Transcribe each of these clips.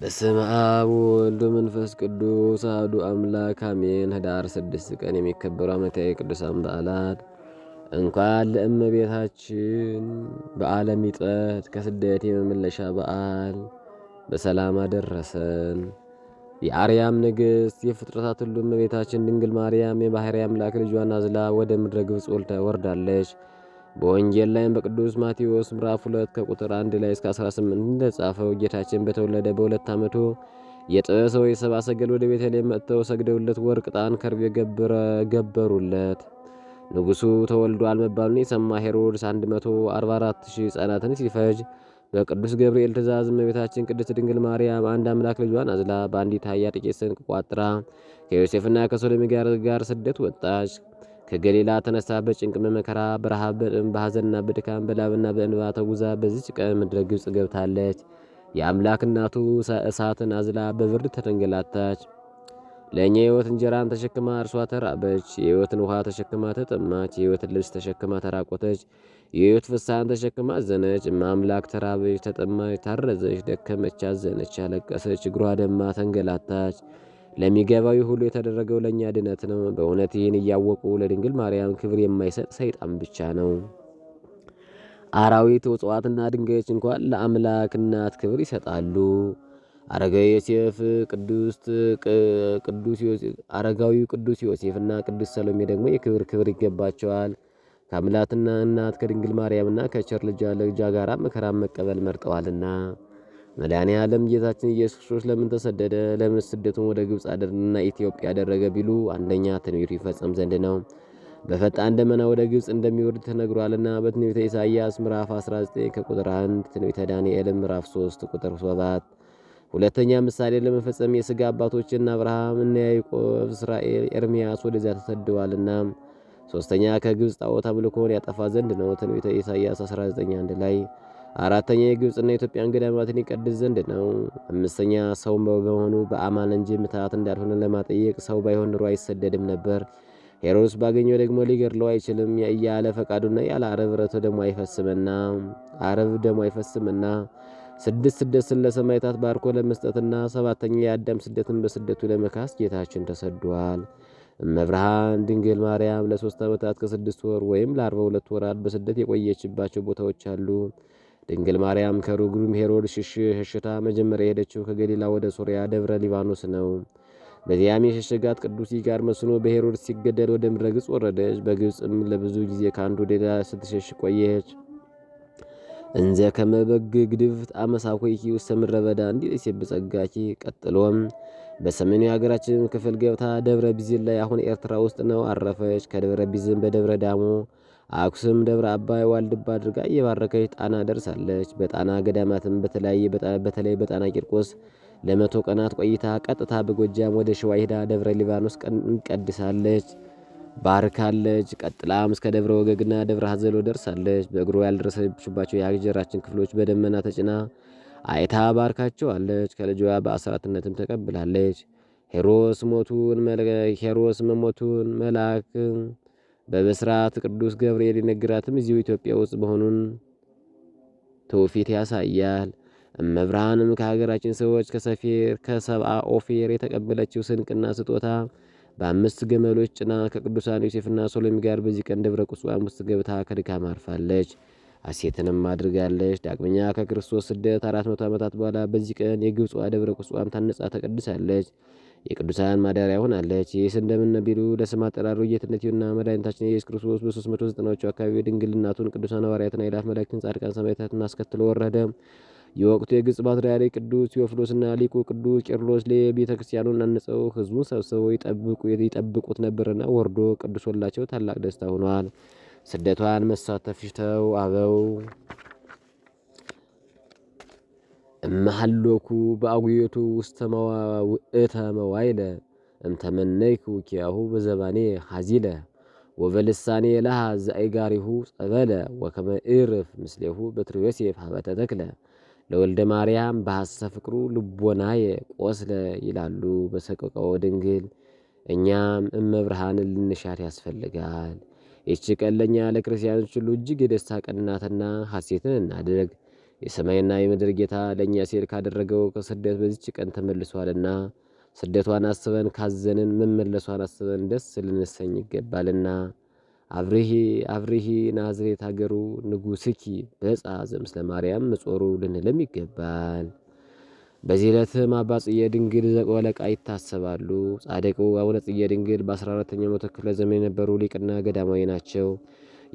በስም አብ ወልድ መንፈስ ቅዱስ አሐዱ አምላክ አሜን። ህዳር ስድስት ቀን የሚከበሩ ዓመታዊ ቅዱሳን በዓላት እንኳን ለእመቤታችን በዓለ ምጽአት ከስደት የመመለሻ በዓል በሰላም አደረሰን። የአርያም ንግሥት የፍጥረታት ሁሉ እመቤታችን ድንግል ማርያም የባሕርይ አምላክ ልጇን አዝላ ወደ ምድረ ግብፅ ወርዳለች። በወንጌል ላይም በቅዱስ ማቴዎስ ምዕራፍ 2 ከቁጥር 1 ላይ እስከ 18 እንደጻፈው ጌታችን በተወለደ በሁለት ዓመቱ የጥበብ ሰዎች ሰብአ ሰገል ወደ ቤተልሔም መጥተው ሰግደውለት ወርቅ፣ ዕጣን፣ ከርቤ ገበሩለት። ንጉሡ ተወልዷል መባሉን የሰማ ሄሮድስ 144 ሕፃናትን ሲፈጅ በቅዱስ ገብርኤል ትእዛዝ እመቤታችን ቅድስት ድንግል ማርያም አንድ አምላክ ልጇን አዝላ በአንዲት አህያ ጥቂት ስንቅ ቋጥራ ከዮሴፍና ከሶሎሜ ጋር ስደት ወጣች። ከገሊላ ተነሳ በጭንቅ መከራ በረሃብ በሐዘንና በድካም በላብና በእንባ ተጉዛ በዚች ቀን ምድረ ግብፅ ገብታለች። የአምላክ እናቱ እሳትን አዝላ በብርድ ተደንገላታች። ለእኛ የሕይወት እንጀራን ተሸክማ እርሷ ተራበች። የሕይወትን ውሃ ተሸክማ ተጠማች። የሕይወትን ልብስ ተሸክማ ተራቆተች። የሕይወት ፍሳን ተሸክማ አዘነች። ማምላክ ተራበች፣ ተጠማች፣ ታረዘች፣ ደከመች፣ አዘነች፣ ያለቀሰች፣ እግሯ ደማ ተንገላታች። ለሚገባዊ ሁሉ የተደረገው ለእኛ ድነት ነው። በእውነት ይህን እያወቁ ለድንግል ማርያም ክብር የማይሰጥ ሰይጣን ብቻ ነው። አራዊት፣ እጽዋትና ድንጋዮች እንኳን ለአምላክ እናት ክብር ይሰጣሉ። አረጋዊ ዮሴፍ፣ አረጋዊ ቅዱስ ዮሴፍና ቅዱስ ሰሎሜ ደግሞ የክብር ክብር ይገባቸዋል። ከአምላክና እናት ከድንግል ማርያምና ከቸር ልጇ ጋራ መከራ መቀበል መርጠዋልና መድኃኔ ዓለም ጌታችን ኢየሱስ ክርስቶስ ለምን ተሰደደ? ለምን ስደቱን ወደ ግብፅ አደርና ኢትዮጵያ አደረገ ቢሉ አንደኛ ትንቢቱ ይፈጸም ዘንድ ነው። በፈጣን ደመና ወደ ግብፅ እንደሚወርድ ተነግሯልና በትንቢተ ኢሳይያስ ምዕራፍ 19 ከቁጥር 1፣ ትንቢተ ዳንኤል ምዕራፍ 3 ቁጥር 7። ሁለተኛ ምሳሌ ለመፈጸም የሥጋ አባቶችን አብርሃም እና ያዕቆብ፣ እስራኤል፣ ኤርምያስ ወደዚያ ተሰደዋልና። ሶስተኛ ከግብፅ ጣዖት አምልኮን ያጠፋ ዘንድ ነው። ትንቢተ ኢሳይያስ 19 1 ላይ አራተኛ የግብፅና የኢትዮጵያ ገዳማትን ይቀድስ ዘንድ ነው። አምስተኛ ሰው በመሆኑ በአማን እንጂ ምትሃት እንዳልሆነ ለማጠየቅ ሰው ባይሆን ኑሮ አይሰደድም ነበር። ሄሮድስ ባገኘው ደግሞ ሊገድለው አይችልም እያለ ፈቃዱና ያለ አረብ ረቶ ደሞ አይፈስምና አረብ ደሞ አይፈስምና ስድስት ስደትን ለሰማይታት ባርኮ ለመስጠትና ሰባተኛ የአዳም ስደትን በስደቱ ለመካስ ጌታችን ተሰዷል። እመብርሃን ድንግል ማርያም ለሶስት ዓመታት ከስድስት ወር ወይም ለአርባ ሁለት ወራት በስደት የቆየችባቸው ቦታዎች አሉ። ድንግል ማርያም ከርጉም ሄሮድ ሸሽታ መጀመሪያ የሄደችው ከገሊላ ወደ ሶርያ ደብረ ሊባኖስ ነው። በዚያም የሸሸጋት ቅዱስ ጋር መስኖ በሄሮድስ ሲገደል ወደ ምድረ ግብፅ ወረደች። በግብፅም ለብዙ ጊዜ ከአንዱ ሌላ ስትሸሽ ቆየች። እንዘ ከመበግ ግድፍ አመሳኮይኪ ውስተ ምድረ በዳ እንዲልስ ብጸጋኪ። ቀጥሎም በሰሜኑ የሀገራችን ክፍል ገብታ ደብረ ቢዝን ላይ አሁን ኤርትራ ውስጥ ነው አረፈች። ከደብረ ቢዝን በደብረ ዳሞ አክሱም ደብረ አባይ ዋልድባ አድርጋ እየባረከች ጣና ደርሳለች። በጣና ገዳማትም በተለያየ በተለይ በጣና ቂርቆስ ለመቶ ቀናት ቆይታ ቀጥታ በጎጃም ወደ ሸዋ ሄዳ ደብረ ሊባኖስ እንቀድሳለች ባርካለች። ቀጥላም እስከ ደብረ ወገግና ደብረ ሀዘሎ ደርሳለች። በእግሮ ያልደረሰችባቸው የሀገራችን ክፍሎች በደመና ተጭና አይታ ባርካቸዋለች። ከልጇ በአስራትነትም ተቀብላለች። ሄሮስ ሞቱን ሄሮስ መሞቱን መልአክ በብስራት ቅዱስ ገብርኤል ይነግራትም እዚሁ ኢትዮጵያ ውስጥ መሆኑን ትውፊት ያሳያል። እመብርሃንም ከሀገራችን ሰዎች ከሰፌር ከሰብአ ኦፌር የተቀበለችው ስንቅና ስጦታ በአምስት ገመሎች ጭና ከቅዱሳን ዮሴፍና ሶሎሚ ጋር በዚህ ቀን ደብረ ቁስቋም ውስጥ ገብታ ከድካም አርፋለች። አሴትንም አድርጋለች። ዳግመኛ ከክርስቶስ ስደት አራት መቶ ዓመታት በኋላ በዚህ ቀን የግብፅዋ ደብረ ቁስቋም ታነጻ ተቀድሳለች። የቅዱሳን ማደሪያ ሆናለች። ይህ እንደምን ለስም አጠራሩ ጌትነት መድኃኒታችን የኢየሱስ ክርስቶስ በ መቶ ዘጠናዎቹ አካባቢ ድንግልናቱን ቅዱሳን ሐዋርያትና የላፍ መላእክትን ጻድቃን ሰማዕታትን አስከትሎ ወረደ። የወቅቱ የግብጽ ፓትርያርክ ቅዱስ ቴዎፍሎስና ሊቁ ቅዱስ ቄርሎስ ለቤተ ክርስቲያኑን አንጸው ሕዝቡን ሰብስበው ይጠብቁት ነበርና ወርዶ ቅዱሶላቸው ታላቅ ደስታ ሆኗል። ስደቷን መሳተፍ አበው እመሃሎኩ በአጉየቱ ውስተ እተ መዋይለ እንተመነይኩ ኪያሁ በዘባኔ ሐዚለ ወበልሳኔ ለሃ ዘአይጋሪሁ ጸበለ ወከመ እርፍ ምስሌሁ በትር ዮሴፍ ሀበተ ተክለ ለወልደ ማርያም በሐሳብ ፍቅሩ ልቦናየ ቆስለ ይላሉ በሰቆቃወ ድንግል። እኛም እመብርሃን ልንሻት ያስፈልጋል። ይች ቀን ለክርስቲያኖች ሁሉ እጅግ የደስታ ቀን ሀሴትን ሐሴትን እናድርግ። የሰማይና የምድር ጌታ ለእኛ ሲል ካደረገው ከስደት በዚች ቀን ተመልሷልና ስደቷን አስበን ካዘንን መመለሷን አስበን ደስ ልንሰኝ ይገባልና። አብርሂ አብርሂ ናዝሬት ሀገሩ ንጉስኪ በጻ ዘምስለ ማርያም ምጾሩ ልንልም ይገባል። በዚህ ዕለትም አባ ጽየ ድንግል ዘቆለቃ ይታሰባሉ። ጻድቁ አቡነ ጽየ ድንግል በ14ኛው መቶ ክፍለ ዘመን የነበሩ ሊቅና ገዳማዊ ናቸው።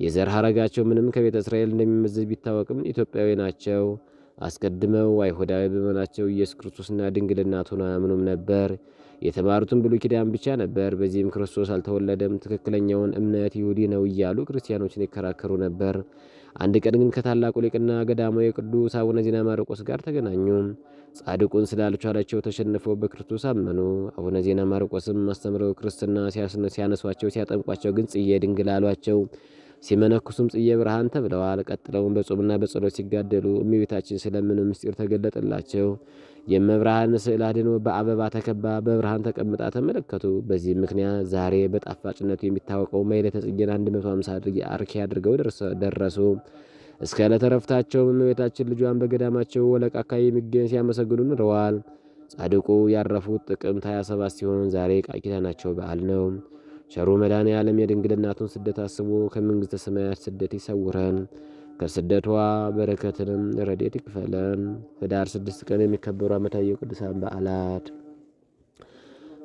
የዘር ሐረጋቸው ምንም ከቤተ እስራኤል እንደሚመዘዝ ቢታወቅም ኢትዮጵያዊ ናቸው። አስቀድመው አይሁዳዊ በመሆናቸው ኢየሱስ ክርስቶስና ድንግልናቱን አያምኑም ነበር። የተማሩትም ብሉይ ኪዳን ብቻ ነበር። በዚህም ክርስቶስ አልተወለደም፣ ትክክለኛውን እምነት ይሁዲ ነው እያሉ ክርስቲያኖችን ይከራከሩ ነበር። አንድ ቀን ግን ከታላቁ ሊቅና ገዳማዊ ቅዱስ አቡነ ዜና ማርቆስ ጋር ተገናኙ። ጻድቁን ስላልቻላቸው ተሸንፈው በክርስቶስ አመኑ። አቡነ ዜና ማርቆስም አስተምረው ክርስትና ሲያነሷቸው ሲያጠምቋቸው ግን ጽዬ ድንግል አሏቸው። ሲመነኩሱም ጽዬ ብርሃን ተብለዋል። ቀጥለውም በጾምና በጸሎት ሲጋደሉ እመቤታችን ስለምን ምስጢር ተገለጠላቸው። የመብርሃን ስዕል አድኖ በአበባ ተከባ በብርሃን ተቀምጣ ተመለከቱ። በዚህ ምክንያት ዛሬ በጣፋጭነቱ የሚታወቀው ማኅሌተ ጽጌን 150 አርኪ አድርገው ደረሱ። እስከ ዕለተ ረፍታቸውም እመቤታችን ልጇን በገዳማቸው ወለቃካ የሚገኝ ሲያመሰግኑ ኑረዋል። ጻድቁ ያረፉት ጥቅምት 27 ሲሆን ዛሬ ቃል በዓል ነው። ቸሩ መድኃኔ ዓለም የድንግልናቱን ስደት አስቦ ከመንግሥተ ሰማያት ስደት ይሰውረን፣ ከስደቷ በረከትንም ረዴት ይክፈለን። ህዳር ስድስት ቀን የሚከበሩ ዓመታዊ ቅዱሳን በዓላት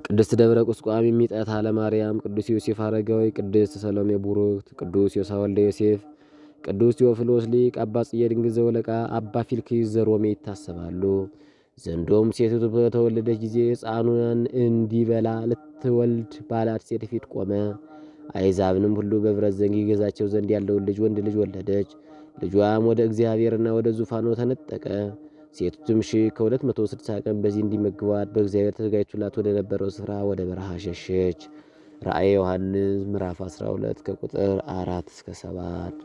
ቅድስት ደብረ ቁስቋም የሚጠት አለማርያም፣ ቅዱስ ዮሴፍ አረጋዊ፣ ቅድስት ሰሎሜ ቡሩክት፣ ቅዱስ ዮሳ ወልደ ዮሴፍ፣ ቅዱስ ቴዎፍሎስ ሊቅ፣ አባ ጽዬ ድንግል ዘወለቃ፣ አባ ፊልክዩስ ዘሮሜ ይታሰባሉ። ዘንዶም ሴቱ በተወለደች ጊዜ ሕፃኑን እንዲበላ ባላት ሴት ፊት ቆመ። አይዛብንም ሁሉ በብረት ዘንግ ይገዛቸው ዘንድ ያለውን ልጅ ወንድ ልጅ ወለደች። ልጇም ወደ እግዚአብሔርና ወደ ዙፋኖ ተነጠቀ። ሴቱም ሺ ከ260 ቀን በዚህ እንዲመግቧት በእግዚአብሔር ተዘጋጅቶላት ወደ ነበረው ስፍራ ወደ በረሃ ሸሸች። ራእየ ዮሐንስ ምዕራፍ 12 ከቁጥር 4 እስከ 7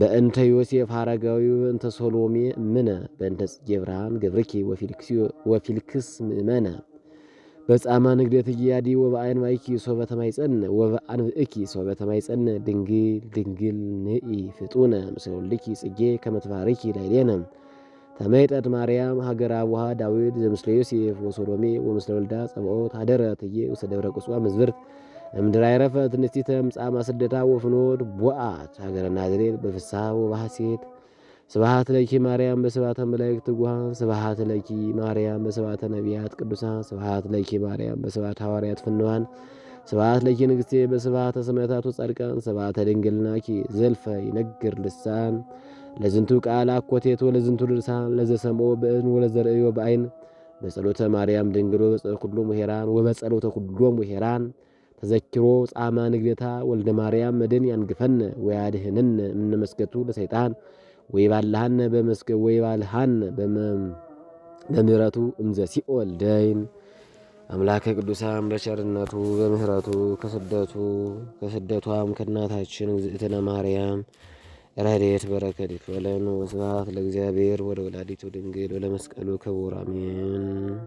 በእንተ ዮሴፍ ሐረጋዊ በእንተ ሶሎሜ ምነ በእንተ ጽጌ ብርሃን ገብርኪ ወፊልክስ ምእመነ በጻማ ንግደት እያዲ ወበአይን ማይኪ ሶበተ ማይጸን ወበአን ብእኪ ሶበተ ማይጸን ድንግል ድንግል ንኢ ፍጡነ ምስለልኪ ጽጌ ከመትባርኪ ላይሌነ ተመይጠት ማርያም ሀገረ አቡሃ ዳዊት ዘምስለ ዮሴፍ ወሶሎሜ ወምስለ ወልዳ ጸብኦት ሀደረ ትዬ ደብረ ቁጽዋ ምዝብርት እምድራ ይረፈት ንስቲተም ጻማ ስደታ ወፍኖድ ቦአት ሀገረ ናዝሬት በፍስሐ ወባሐሴት ስብሐት ለኪ ማርያም በስብሐተ መላእክት ትጉሃን ስብሐት ለኪ ማርያም በስብሐተ ነቢያት ቅዱሳን ስብሐት ለኪ ማርያም በስብሐተ ሐዋርያት ፍንዋን ስብሐት ለኪ ንግሥቴ በስብሐተ ሰማዕታቱ ጻድቃን ስብሐተ ድንግልናኪ ዘልፈ ይነግር ልሳን ለዝንቱ ቃል አኮቴት ወለዝንቱ ልሳን ለዘሰምኦ በእን ወለዘርእዮ በአይን በጸሎተ ማርያም ድንግሎ ኩሎ ሙሄራን ወበጸሎተ ኩሎ ሙሄራን ተዘኪሮ ጻማ ንግደታ ወልደ ማርያም መድን ያንግፈን ወያድህንን እምነ መስገቱ ለሰይጣን ወይባልሃነ በመስገብ ወይባልሃነ በምህረቱ እምዘ ሲኦል ደይን አምላከ ቅዱሳን በቸርነቱ በምህረቱ ከስደቱ ከስደቷም ከእናታችን እግዝእትነ ማርያም ረድኤት በረከት ይክፈለን። ወስብሐት ለእግዚአብሔር ወደ ወላዲቱ ድንግል ወለመስቀሉ ክቡር አሜን።